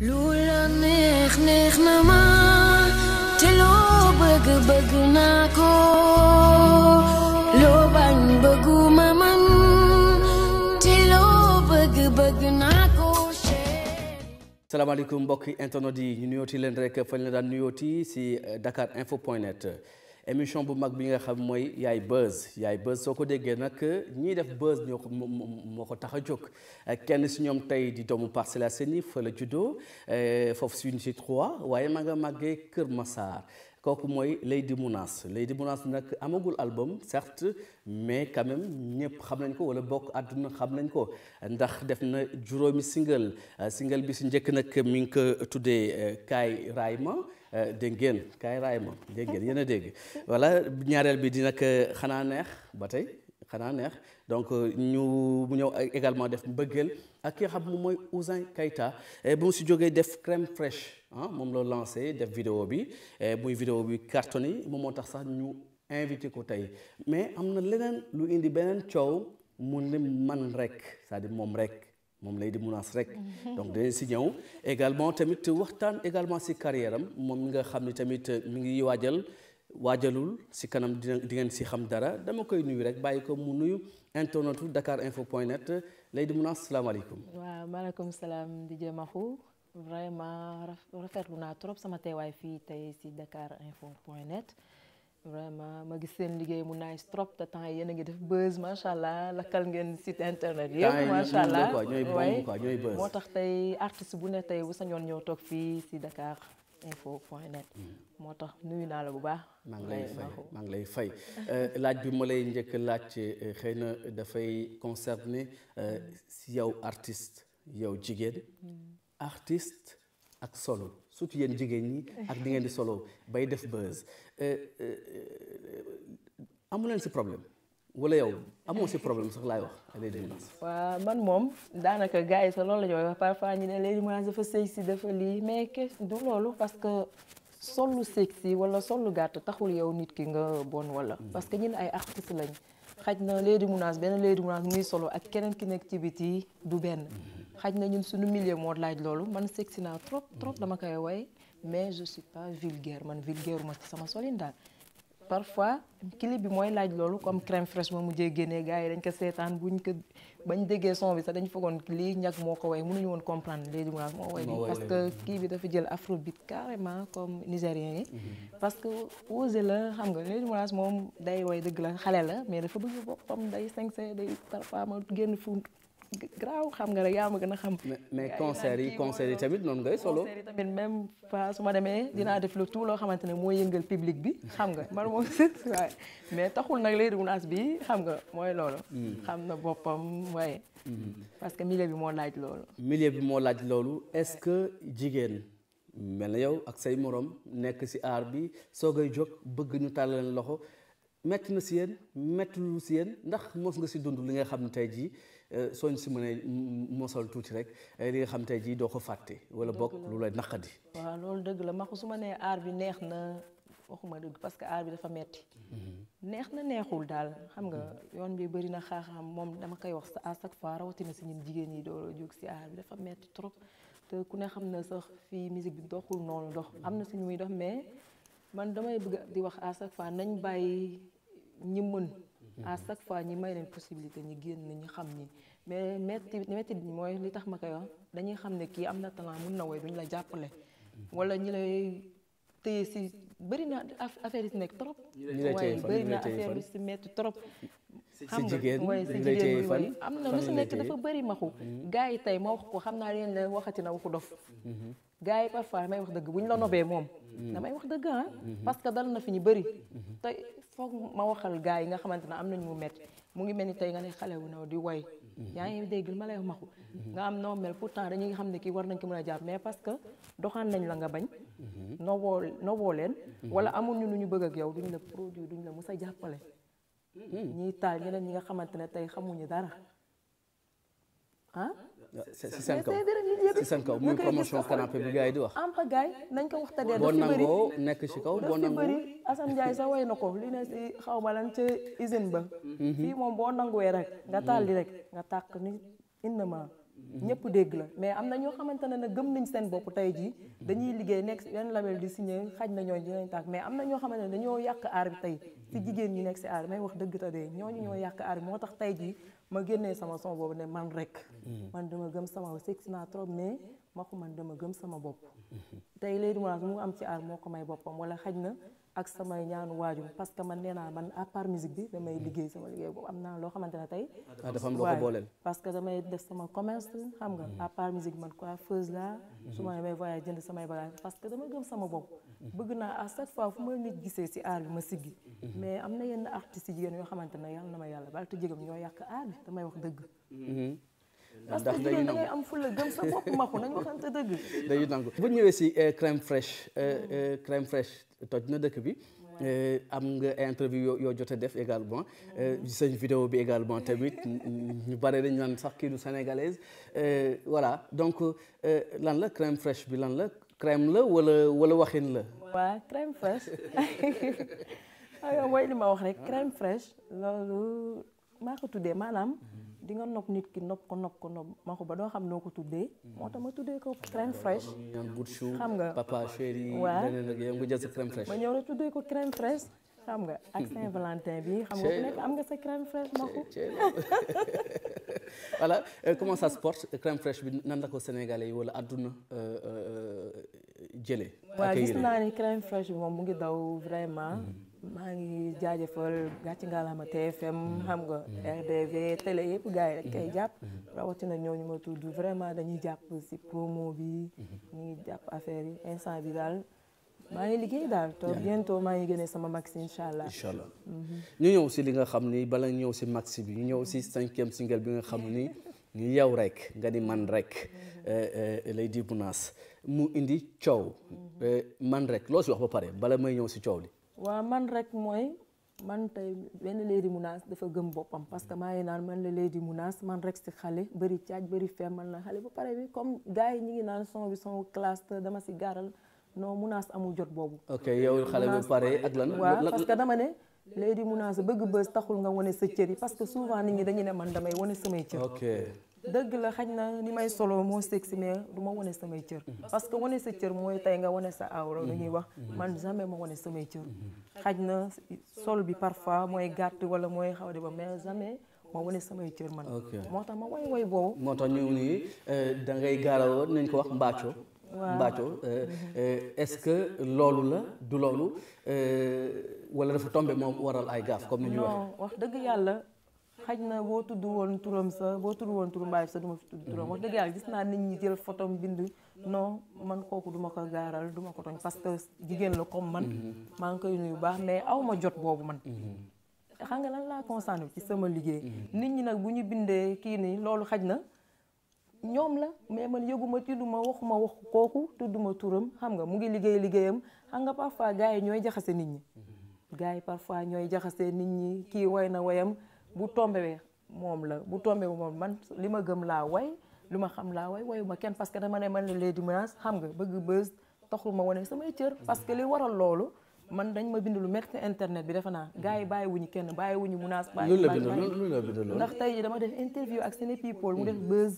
lula neex neex na ma te loo bëgg bëgg naa ko loo bañ bëggu ma man te loo bëgg bëgg naa ko. salaamaaleykum mbokki internet yi ñu nuyooti leen rek fañ la daan nuyooti si dakar info point net. émission bu mag bi nga xam mooy yaay buzz yaay buzz soo ko déggee nag ñiy def buzz ñoo ko moo ko tax a jóg kenn si ñoom tey di doomu seen Assainies fa la juddoo eh, foofu si Unité 3 waaye ma nga màggee Kër Massar kooku mooy Lady Mounass Lady Mounass nag amagul album certes mais quand même ñëpp xam nañ ko wala bokk àdduna xam nañ ko ndax def na juróomi single single bi si njëkk nag mi ngi ko tuddee euh, Kaay Rayma euh, dégg ngeen Kaay Rayma dégg ngeen yéen a dégg voilà ñaareel bi dina nag euh, xanaa neex ba tey xanaa neex donc euh, ñu mu ñëw également def mbëggeel ak ki nga moom mooy Ouzin Keita eh, bu mu si jógee def crème fraîche ah moom la lancé def vidéo bi eh, muy vidéo bi yi moom moo tax sax ñu invité ko tey mais am na leneen lu indi beneen coow mu ne man rek cest à moom rek moom lay di menace rek donc dañu si ñëw également tamit waxtaan également si carrière moom mi nga xam ni tamit mu ngi waajal. waajalul si kanam dina di ngeen si xam dara dama koy nuyu rek bàyyi ko mu nuyu internetu dakar info point net Lady Mounass salaamaaleykum. waaw maaleykum salaam di Mahou vraiment rafetlu naa trop sama teewaay fii tey si dakar info point net vraiment ma gis seen liggéey mu nice trop te temps yéen a ngi def buzz macha allah lakkal ngeen site internet yëpp. macha allah moo tax tey artiste bu ne tey bu sañoon ñëw toog fii si Dakar. info point mm. moo tax nuyu naa la bu baax. maa ngi lay fay maa ngi lay fay euh, laaj bi ma lay njëkk laaj euh, xëy na dafay concerné euh, si yow artiste yow jigéen. Mm. artiste ak solo surtout yéen jigéen ñi ak di ngeen di solo bay def buzz amuleen si problème. wala yow amoo si problème sax laay wax avec les man moom daanaka gars yi sax loolu la ñu wax parfois ñu ne les violences dafa sexy dafa lii mais que du loolu parce que sollu sexy wala sollu gàtt taxul yow nit ki nga bon wala. Mm. parce que ñun ay artistes lañ xaj na les violences benn les violences muy solo ak keneen ki nekk ci biti du benn. Mm-hmm. xaj na ñun suñu millier moo laaj loolu man sexy naa trop trop mm-hmm. dama koy woy mais je suis pas vulgaire man vulgaire ma ci sama solin daal. parfois clip bi mooy laaj loolu comme crème fraîche ma mujjee génnee gars yi dañ ko seetaan buñ ko bañ déggee son bi sax dañ foogoon lii ñàkk moo ko way mënuñu woon comprendre léegi mu moo way lii parce que kii bi dafa jël afrobeat carrément comme nigérien yi mhm. parce que osé la xam nga léegi mu moom day way dëgg la xale la mais dafa bëgg boppam day sañse day parfois ma génn fu graaw xam nga rek yaa ma gën a xam. mais concert yi concert yi tamit noonu ngay solo. concert yi tamit même pas su ma demee dinaa def lu tout loo xamante ne mooy yëngal public bi xam nga man moom mais taxul nag bi xam nga mooy loolu. Hmm. xam na boppam waaye. Hmm. parce que milieu bi moo laaj loolu. milieu bi moo laaj loolu est-ce que jigéen mel na yow ak say moroom nekk ci aar bi soo koy jóg bëgg ñu tàllal loxo. metti na si yéen metti lu si yéen ndax mos nga si dund li nga xam ne tey jii euh, sooñ si mënee mosal tuuti rek euh, li nga xam tey jii doo ko fàtte wala bokk lu lay naqadi waaw loolu dëgg la maxu su ma nee aar bi neex na waxuma dëgg parce que aar bi dafa metti mm-hmm. neex na neexul daal xam nga yoon bi bëri na xaaxaam moom dama koy wax à chaque fois rawatina si ñun jigéen yi doo jóg si aar bi dafa metti trop te ku ne xam na sax fii musique bi doxul noonu dox am na suñu muy dox mais man damay bëgg di wax à chaque bàyyi ñi mën à chaque fois ñi may leen possibilité ñi génn ñi xam ñi mais metti metti bi mooy li tax ma koy wax dañuy xam ne kii am na talent mun na woy duñ la jàppale wala ñi lay téye si bëri na affaire yi si nekk trop na affaire trop xam nga waaye am na lu si nekk dafa bëri maxu mm-hmm. gaa yi tey ma wax ko xam naa leen la waxati na waxu dof mm-hmm. gars yi parfois damay wax dëgg bu ñu la nobee moom mm-hmm. damay wax dëgg ah dal na fi ñu bëri foog ma waxal gars yi nga xamante ne am nañ mu métti mu ngi mel ni tey nga ne xale wu naw di woy mhm. yaa ngi dégg ma lay maxu mhm. nga am noo mel pourtant dañuy xam ne kii war nañ ko mën a jàpp mais parce que doxaan nañ la nga bañ mhm. noboo noboo leen wala amul ñu lu ñu bëgg ak yow duñ la produit duñ la mës a jàppale ñiy taal ñeneen ñi nga xamante ne tey xamuñu dara ah. c'est seen kaw c'est seen kaw muy promotion canapé bi gars yi di wax. am gaay nañ ko waxtaanee. daf fi bëri boo nangoo nekk si kaw boo nangoo. Assane Ndiaye way na ko li ne si xaw ma lan ca usine ba. Mhm. fii moom boo nanguwee rek. nga taal di rek nga tàkk ni indi ma. ñëpp dégg la mais am na ñoo xamante ne nag gëm nañ seen bopp tey jii dañuy liggéey nekk yenn label di signé xaj na ñooñu dinañ tàkk mais am na ñoo xamante ne dañoo yàq aar bi tey ci jigéen ñi nekk si aar may wax dëgg ta dee ñooñu ñoo yàq aar bi moo tax tey jii ma génnee sama son boobu ne man rek mm-hmm. man dama gëm sama sexy naa trop mais ma ko man dama gëm sama bopp tey léegi mu mu am ci aar moo ko may boppam wala xaj na ak samay ñaanu waajur parce que man nee naa man à part musique bi damay liggéey sama liggéey boobu am naa loo xamante ne tey. Ah, dafa am loo ko booleel parce que damay def sama commerce xam nga à part musique man coiffeuse laa. su ma demee voyage samay bagage parce que damay gëm sama bopp. bëgg à chaque fois fu ma nit gisee si aar ma mais am na yenn artistes yi jigéen yoo xamante ne yàlla na ma yàlla ñoo yàq wax dëgg. Mm-hmm. parce da ngay am fulla gëm waxante dëgg. bu ñëwee si euh, crème fraîche euh, euh, crème fraîche. toj na dëkk bi euh, am nga interview yoo yoo jot a def également seen euh, vidéo bi également tamit ñu bare dañ naan sax kii du sénégalaise euh, voilà donc lan la crème fraîche bi lan la crème la wala wala waxin la. waaw crème fraîche ah, mooy li ma wax rek crème fraîche loolu maa ko tuddee maanaam. Mhm. di nga nopp nit ki nopp ko nopp ko nopp ma ko ba doo xam noo ko tuddee. moo tax ma tuddee ko crème fraîche. xam nga papa chéri. waaw ma ñëw rek tuddee ko crème fraîche. xam nga ak Saint Valentin xam nga ku nekk nga sa crème fraîche ma ko. voilà euh, comment ça se porte crème fraîche bi nan la ko Sénégalais yi wala àdduna euh, euh, jëlee. waaw gis naa ni crème fraîche moom mu ngi daw vraiment. Mm-hmm. maa ngi jaajëfal gàcc ngalaama TFM xam nga RDV télé yëpp gars yi rek kay jàpp rawatina ñooñu ma tudd vraiment dañuy jàpp si promo bi ñu jàpp affaire instant bi daal maa ngi liggéey daal maa ngi génne sama maxi incha allah incha mhm. ñu ñëw si li nga xam ni bala ñëw si maxi bi ñu ñëw si cinquième single bi nga xam ni ñu yow rek nga ni man rek mhm. eh, eh, Lady Mounass mu indi coow mhm. eh, man rek loo si wax ba pare bala may ñëw si coow li waa man rek mooy man tey benn Lady Mounass dafa gëm boppam parce que maa ngi naan man la Lady Mounass man rek si xale bëri caaj bëri fem man la xale ba pare bi comme gars yi ñi ngi naan son bi son classe dama si gaaral noo Mounass amul jot boobu. ok yow xale ba pare ak lan. waaw parce que dama ne. Lady Mounass bëgg bës taxul nga wane sa cër yi parce que souvent nit ñi dañu ne man damay wane samay cër. dëgg la xaj na ni may solo moo sexy mais du ma wone samay cër mm-hmm. parce que wane sa cër mooy tey nga wone sa awra lu ñuy wax mm-hmm. man jamais ma wane samay cër mm-hmm. xaj na sol bi parfois mooy gàtt wala mooy xaw de ba mais jamais ma wane samay cër man moo tax ma way way boobu moo tax ñëw nii euh, da ngay gaalawoon nañ ko wax mbàcco mbàcco euh, euh, est-ce que loolu la du loolu wala dafa tombe moom waral ay gaaf comme ni ñu waxee wax dëgg yàlla xaj na boo tudd woon turam sa boo tudd woon turam Mbaye sa duma ma fi tudd turam wax dëgg yàlla gis naa nit ñi jël photom bind non man kooku duma ko gaaral duma ko tooñ parce que jigéen la comme man mm-hmm. maa ngi koy nuyu baax mais aw ma jot boobu man mm-hmm. xam nga lan laa concentré ci sama liggéey mm-hmm. nit ñi nag bu ñu bindee kii nii loolu xaj na ñoom la mais man yëguma tudduma waxuma wax kooku tudduma turam xam nga mu ngi liggéey liggéeyam xam nga parfois gars yi ñooy jaxase nit ñi gars yi parfois ñooy jaxase nit ñi kii woy na woyam bu tombé moom la bu tombé moom man li ma gëm laa way lu ma xam laa way wayuma kenn parce que dama man la Lady Miraas xam nga bëgg bës taxul ma samay cër parce que li waral loolu man dañ ma bind lu metti internet bi defe gars yi bàyyiwuñu kenn bàyyiwuñu menace bàyyi la bind ndax tey ji dama def interview ak Séné People mu def buzz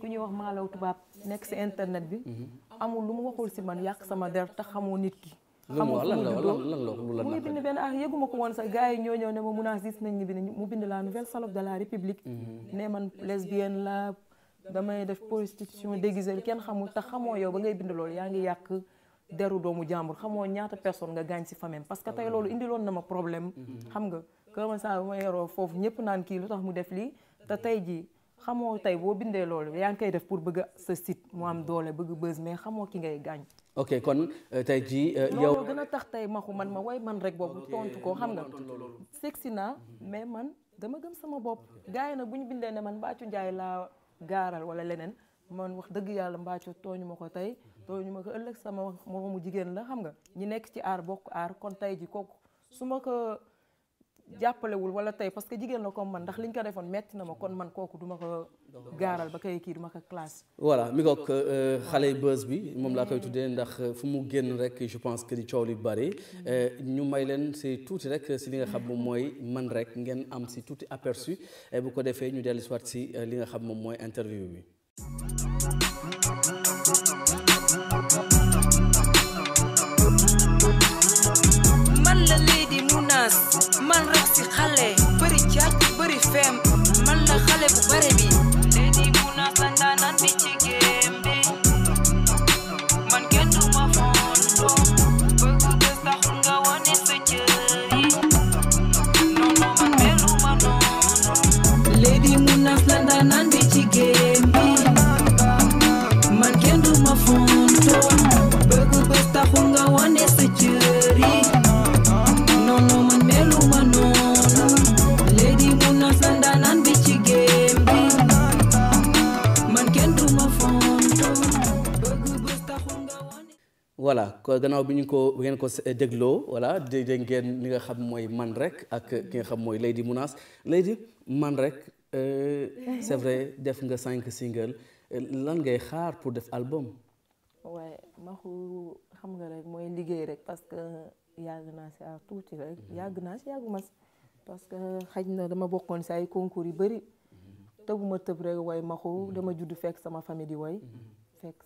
ku ñuy wax maalaw tubaab nekk si internet bi mhm. amul lu mu waxul si man yàq sama der te xamoo nit ki xamul fu mu juddoo mu ngi bind benn ah yëguma ko woon sax gars yi ñoo ñëw ne ma mun a gis nañ ni bind mu bind la nouvelle salope de la république mhm. ne man lesbienne la damay def prostitution déguisée kenn xamul te xamoo yow ba ngay bind loolu yaa ngi yàq deru doomu jàmbur xamoo ñaata personne nga gaañ si fa famem parce que tey loolu indiloon na ma problème mhm. xam nga Kër Masar bu ma yoroo foofu ñëpp naan kii lu tax mu def lii te tey jii xamoo tey boo bindee loolu yaa ngi koy def pour bëgg sa site mu am doole bëgg bës mais xamoo ki ngay gaañ ok kon euh, tey jii. Euh, yow loolu gën a tax tey maxu man ma woy man rek boobu tontu ko xam nga. sexy naa mais man dama gëm sama bopp. gars yi nag bu ñu bindee ne man Mbathio njaay laa gaaral wala leneen man wax dëgg yàlla Mbathio tooñu ma ko tey. tooñu ma ko ëllëg sama moomu jigéen la xam nga. ñi nekk ci aar bokk aar kon tey ji kooku su ma ko. jàppalewul wala tey parce que jigéen na comme man ndax liñ ko defoon metti na ma kon man kooku duma ko gaaral ba kay kii duma ko classe voilà mi ngoog euh, xale bës bi moom laa koy tuddee ndax euh, fu mu génn rek je pense que di coow li bari euh, ñu may leen si tuuti rek si li nga xam moom mooy man rek ngeen am si tuuti aperçu bu ko defee ñu dellu si waat si li nga xam moom mooy interview bi man rek si xale voilà gannaaw bi ñu ko ngeen ko eh, dégloo voilà dégg ngeen li nga xam mooy man rek ak ki nga xam mooy Lady Mounass Lady man rek euh, c'est vrai def nga cinq single lan ngay xaar pour def album. waaye maxu xam nga rek mooy liggéey rek parce que yàgg naa si à tuuti rek mhm. yàgg naa si yàggu ma si parce que xaj na dama bokkoon si ay concours yu bëri mhm. tëbuma tëb rek way maxu mhm. dama judd fekk sama famille di way fekk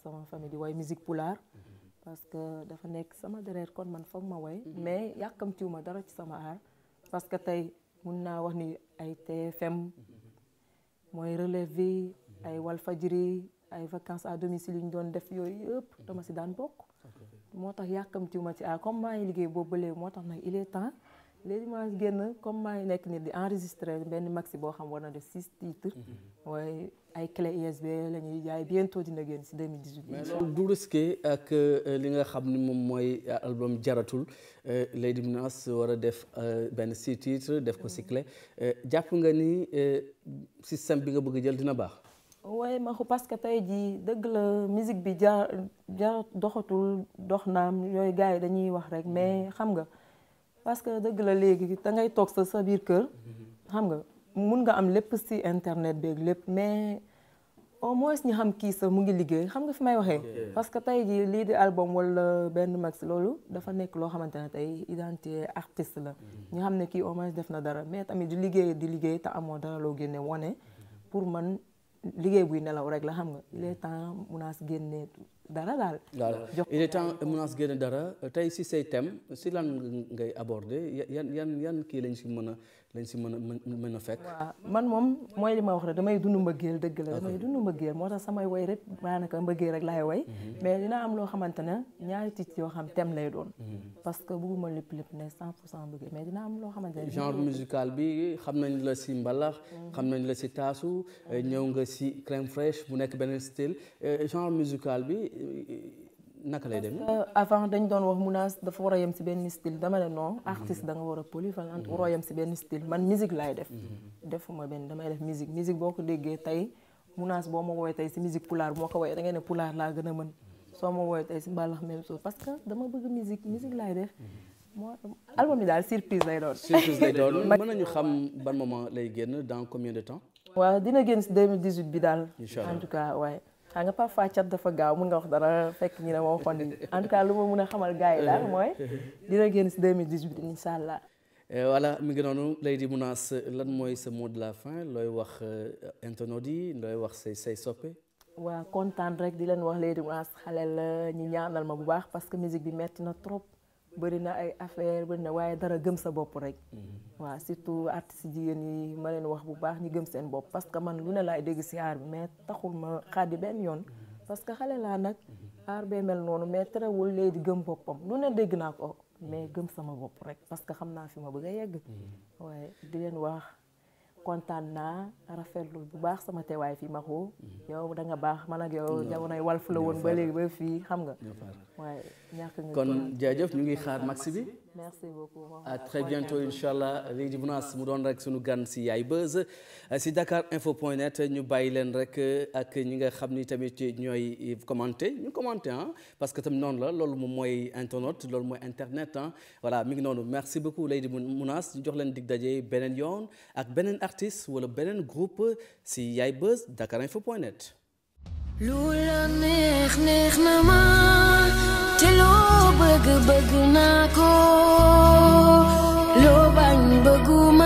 di way musique pulaar. parce que dafa nekk sama dereer kon man foog ma woy mhm. mais yàkkamtiwuma dara ci sama aar parce que tey mun naa wax ni ay TFM mhm. mooy relève bi mhm. ay fajiri ay vacances à domicile yu ñu doon def yooyu yëpp dama si daan bokk moo tax yàkkamtiwuma ci aar comme maa ngi liggéey boobu ba moo tax nag il est temps léegi maa génn comme maa ngi nekk nit di enregistré benn maxi boo xam war a def six titres. Mhm. waaye ay clé USB la ñuy jaay bientôt dina génn si 2018. mais loolu du risqué ak euh, li nga xam ni moom mooy euh, album jaratul euh, Lady Mnass war a def benn six titres def ko si clé jàpp nga ni système bi nga bëgg jël dina baax. waaye ma parce que tey jii dëgg la musique bi jaar jaar doxatul dox naam yooyu gars yi dañuy wax rek mais mhm. xam nga. parce que dëgg la léegi da ngay toog sa sa biir kër mm-hmm. xam nga mun nga am lépp si internet beeg lépp mais au moins ñu xam kii sa mu ngi liggéey xam nga fi may waxee parce que tey jii lii di album wala benn max loolu dafa nekk loo xamante ne tey identité artiste la mm-hmm. ñu xam ne kii au moins def na dara mais tamit di liggéey di liggéey te amoo dara loo génne wane mm-hmm. pour man liggéey buy nelaw rek la xam nga il est temps munaas génne dara daal. voilà il est temps menace génne dara tey si say thème si lan ngay aborder yan yan yan kii lañ si mën a lañ si mën a a fekk. waaw man moom mooy li ma wax rek damay dund mbëggeel dëgg la. damay dund mbëggeel moo tax samay woy rek maanaka mbëggeel rek laay woy. Mhm. mais dina am loo xamante ne ñaari tiit yoo xam thème lay doon. Mhm. parce que bëgguma lépp lépp ne 100 pour cent mbëggeel mais dina am loo xamante ne. genre musical bi xam nañ la si mbalax. Mhm. xam nañ la si taasu. ñëw nga si crème fraîche mu nekk beneen style euh, genre musical bi. naka lay demee avant dañ doon wax Mounass dafa war a yem benn style dama ne non artiste da war a polyvalente mhm. waroo yem si benn style man musique laay def mhm. defuma benn damay def musique boo ko déggee tey Mounass boo ma woowee tey si musique pulaar bu ko woowee da ne pulaar laa gën a mën soo ma woowee tey si mbalax même chose parce que dama bëgg musique musique laay def mhm. moo album bi daal surprise lay doon mën nañu xam ban moment lay génn dans combien de temps waaw dina génn xam nga parfois cat dafa gaaw mun nga wax dara fekk ñi ne moo xon en tout lu ma mun a xamal gars yi daal mooy dina génn si 2018 incha allah. Eh, voilà mi ngi noonu Lady Mounass lan mooy sa mot de la fin looy wax euh, internautes yi looy wax say say soppe. waa kontaan rek di leen wax Lady Mounass xale la ñi ñaanal ma bu baax parce que musique bi metti na trop bëri na ay affaire bëri na waaye dara gëm sa bopp rek. Mm-hmm. waaw surtout artistes jigéen yi ma leen wax bu baax ñu gëm seen bopp parce que man lu ne laay dégg si aar bi mais taxul ma xaddi benn yoon parce que xale laa nag aar bee mel noonu mais terewul léegi di gëm boppam lu ne dégg naa ko mais gëm sama bopp rek parce que xam naa fi ma bëgg a yegg waaye di leen wax kontaan naa rafetlu bu baax sama teewaay fii Makhou yow da nga baax man ak yow jamonoy Walf la woon ba léegi ba fii xam nga waaye kon jaajëf ñu ngi xaar bi très bientôt incha allah léegi bu naas mu doon rek suñu gan si yaay buzz si dakar info point net ñu bàyyi leen rek euh, ak ñi nga xam ni tamit ñooy commenté ñu commenté ah parce que tamit noonu la loolu moom mooy internet loolu mooy internet ah voilà mi ngi noonu merci beaucoup léegi mu naas ñu jox leen dig dajee beneen yoon ak beneen artist wala beneen groupe si yaay buzz dakar info point net lu la neex neex na ma te loo bëgg bëgg naa ko loo bañ bëgguma